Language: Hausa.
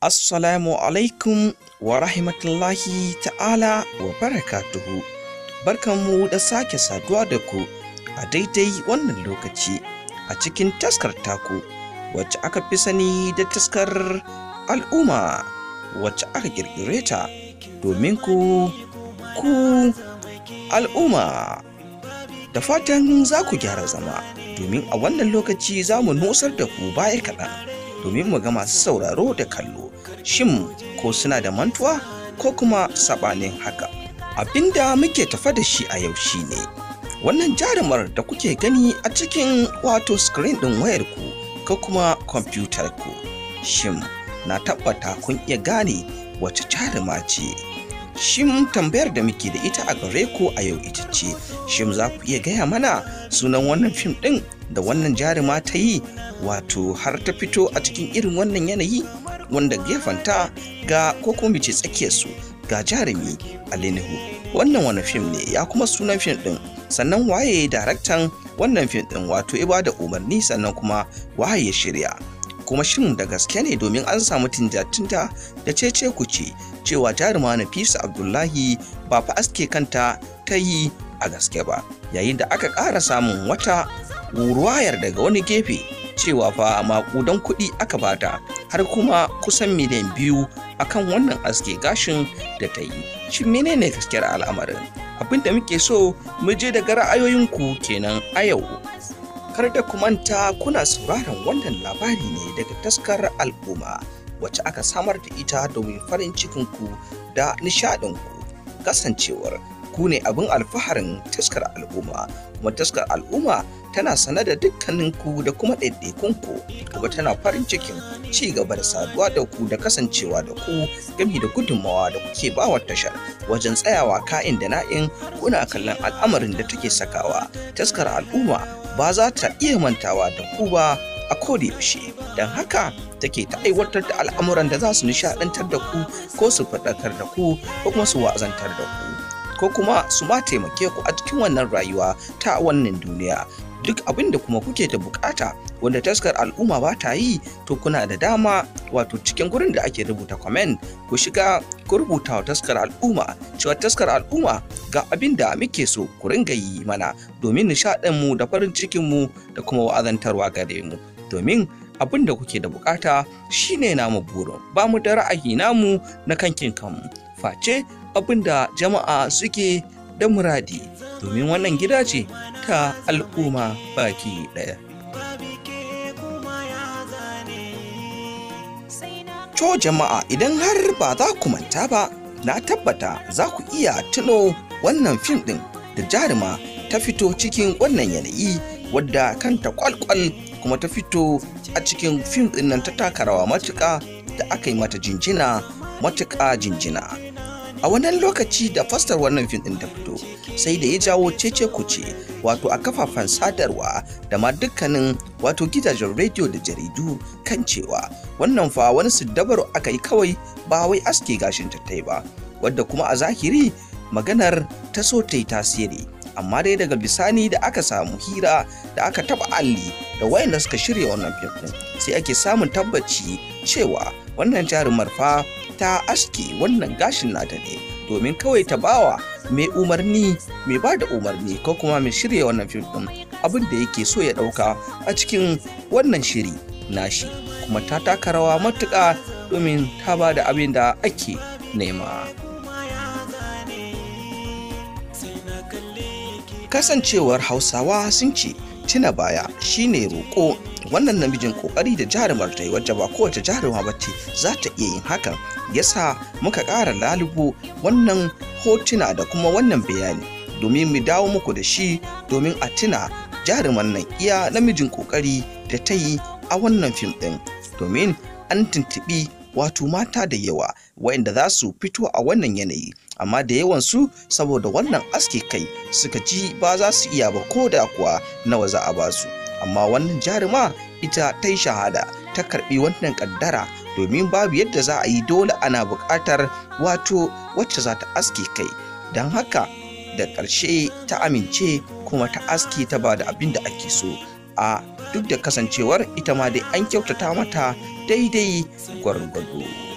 Assalamu alaikum wa rahimatullahi ta'ala wa barakatuhu. Barkanmu da sake saduwa da ku a daidai wannan lokaci a cikin taskar taku wacce aka fi sani da taskar al'umma wacce aka ƙirƙire ta domin ku ku al'umma. Da fatan za ku gyara zama domin a wannan lokaci za mu nusar da ku baya kaɗan. domin mu ga masu sauraro da kallo shin ko suna da mantuwa ko kuma saɓanin haka abinda muke tafa da shi a yau shine wannan jarumar da kuke gani a cikin wato screen ɗin wayarku ko kuma kwamfutar ku shin na tabbata kun iya gane wace jaruma ce Shin tambayar da muke da ita a gare ku a yau ita ce, shin za ku iya gaya mana sunan wannan fim ɗin da wannan jarima ta yi wato har ta fito a cikin irin wannan yanayi wanda gefanta ga ko kuma tsakiya su ga jarumi Alinuhu. Wannan wani fim ne ya kuma sunan fim ɗin sannan waye daraktan wannan fim ɗin wato iba da umarni sannan kuma waye shirya. kuma shin da gaske ne domin an samu tinjatinta da cece kuce cewa jaruma Nafisa Abdullahi ba fa aske kanta ta yi a gaske ba yayin da aka ƙara samun wata ruwayar daga wani gefe cewa fa maƙudan kuɗi aka bata har kuma kusan miliyan biyu akan wannan aske gashin da ta yi shin menene gaskiyar al'amarin abin da muke so mu je daga ra'ayoyinku kenan a yau kar da kumanta kuna sauraron wannan labari ne daga taskar al'umma wacce aka samar da ita domin farin cikinku da nishadinku kasancewar ku ne abin alfaharin taskar al'umma kuma taskar al'umma tana sanar da dukkaninku da kuma ɗaiɗaikunku kuma tana farin cikin ci gaba da saduwa da ku da kasancewa da ku gami da gudunmawa da kuke bawa tashar wajen tsayawa ka'in da na'in kuna kallon al'amarin da take sakawa taskar al'umma ba za ta iya mantawa da ku ba a yaushe don haka take ta aiwatar da al'amuran da za su nishadantar da ku ko su faɗakar da ku ko kuma su wa'azantar da ku ko kuma su ma taimake ku a cikin wannan rayuwa ta wannan duniya duk abin da kuma kuke da bukata wanda taskar al'umma ba ta yi to kuna da dama wato cikin gurin da ake rubuta comment ku shiga ku rubuta wa taskar al'umma cewa taskar al'umma ga abin da muke so ku ringa yi mana domin nishaɗin mu da farin cikin mu da kuma wa'azantarwa gare mu domin abin da kuke da bukata shine namu burin ba mu da ra'ayi namu na kankin kanmu face abin da jama'a suke da muradi domin wannan gida ce ta al'umma baki ɗaya. Co jama'a idan har ba za ku manta ba, na tabbata za ku iya tuno wannan fim ɗin da jaruma ta fito cikin wannan yanayi wadda kanta kwalkwal kuma ta fito a cikin fim ɗin nan ta taka rawa matuƙa da aka yi mata jinjina matuƙa jinjina. a wannan lokaci da fastar wannan fim ɗin ta fito sai da ya jawo cece kuce wato a kafafen sadarwa da ma dukkanin wato gidajen rediyo da jaridu kan cewa wannan fa wani siddabaru aka yi kawai ba wai aske gashin tattai ba wadda kuma a zahiri maganar ta so ta yi tasiri amma dai daga bisani da aka samu hira da aka taba alli da wayanda suka shirya wannan fim sai ake samun tabbaci cewa wannan jarumar fa ta aske wannan gashin nata ne domin kawai ta bawa mai umarni mai ba da umarni ko kuma mai shirya wannan fim ɗin abin da yake so ya ɗauka a cikin wannan shiri nashi kuma ta taka rawa matuka domin ta ba da abin da ake nema. kasancewar hausawa sun ce tuna baya shine roƙo wannan namijin kokari da jarumar ta yi wacce ba kowace jaruma ba ce za ta iya yin hakan yasa muka ƙara lalubo wannan hotuna da kuma wannan bayani domin mu dawo muku da shi domin a tuna jaruman nan iya namijin kokari da ta yi a wannan fim ɗin domin an tuntuɓi wato mata da yawa waɗanda za su fito a wannan yanayi amma da yawan su saboda wannan aske kai suka ji ba za su iya ba ko da kuwa nawa za a ba su amma wannan jaruma ita ta yi shahada ta karɓi wannan ƙaddara, domin babu yadda za a yi dole ana buƙatar wato wacce za ta aske kai don haka da ƙarshe ta amince kuma ta aske ta ba da abin da ake so a duk da kasancewar ita ma dai an kyautata mata daidai gwargwado